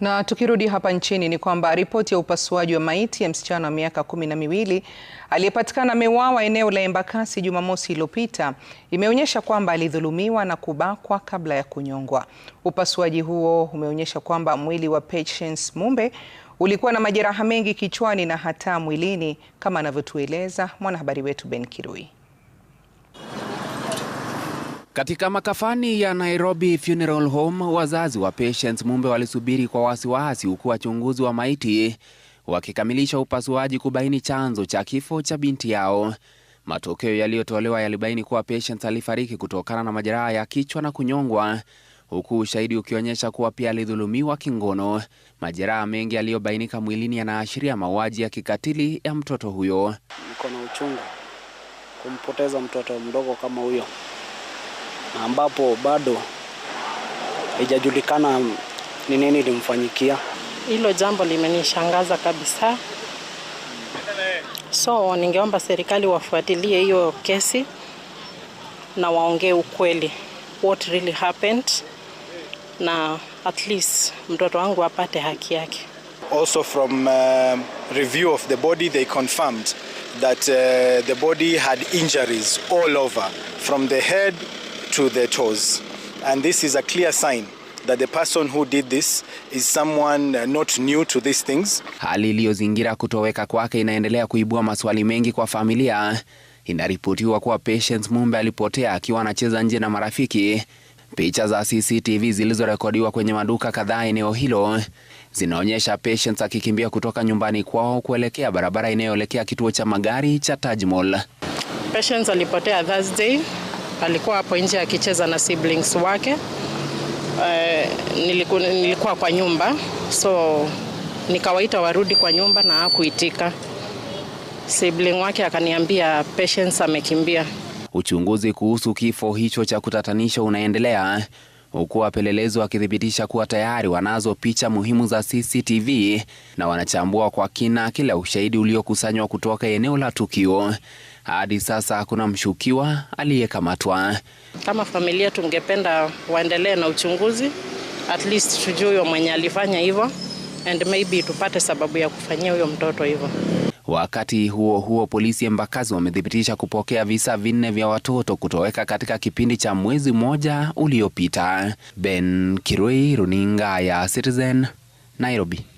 Na tukirudi hapa nchini ni kwamba ripoti ya upasuaji wa maiti ya msichana wa miaka kumi na miwili aliyepatikana ameuawa eneo la Embakasi Jumamosi iliyopita imeonyesha kwamba alidhulumiwa na kubakwa kabla ya kunyongwa. Upasuaji huo umeonyesha kwamba mwili wa Patience Mumbe ulikuwa na majeraha mengi kichwani na hata mwilini kama anavyotueleza mwanahabari wetu Ben Kirui. Katika makafani ya Nairobi Funeral Home, wazazi wa Patience Mumbe walisubiri kwa wasiwasi huku wachunguzi wa maiti wakikamilisha upasuaji kubaini chanzo cha kifo cha binti yao. Matokeo yaliyotolewa yalibaini kuwa Patience alifariki kutokana na majeraha ya kichwa na kunyongwa, huku ushahidi ukionyesha kuwa pia alidhulumiwa kingono. Majeraha mengi yaliyobainika mwilini yanaashiria mauaji ya kikatili ya mtoto huyo. Niko na uchungu kumpoteza mtoto mdogo kama huyo ambapo bado haijajulikana ni nini ilimfanyikia. Hilo jambo limenishangaza kabisa, so ningeomba serikali wafuatilie hiyo kesi na waongee ukweli, what really happened, na at least mtoto wangu apate haki yake. Also from uh, review of the body they confirmed that uh, the body had injuries all over from the head to their toes. And this is a clear sign that the person who did this is someone uh, not new to these things. Hali iliyozingira kutoweka kwake inaendelea kuibua maswali mengi kwa familia. Inaripotiwa kuwa Patience Mumbe alipotea akiwa anacheza nje na marafiki. Picha za CCTV zilizorekodiwa kwenye maduka kadhaa eneo hilo zinaonyesha Patience akikimbia kutoka nyumbani kwao kuelekea barabara inayoelekea kituo cha magari cha Taj Mall. Patience alipotea Thursday alikuwa hapo nje akicheza na siblings wake. Uh, eh, nilikuwa, nilikuwa kwa nyumba so nikawaita warudi kwa nyumba na hakuitika. Sibling wake akaniambia Patience amekimbia. Uchunguzi kuhusu kifo hicho cha kutatanisha unaendelea. Eh? huku wapelelezi wakithibitisha kuwa tayari wanazo picha muhimu za CCTV na wanachambua kwa kina kila ushahidi uliokusanywa kutoka eneo la tukio. Hadi sasa hakuna mshukiwa aliyekamatwa. Kama familia, tungependa waendelee na uchunguzi, at least tujue huyo mwenye alifanya hivyo and maybe tupate sababu ya kufanyia huyo mtoto hivyo. Wakati huo huo, polisi ya Mbagazi wamethibitisha kupokea visa vinne vya watoto kutoweka katika kipindi cha mwezi mmoja uliopita. Ben Kirui, runinga ya Citizen, Nairobi.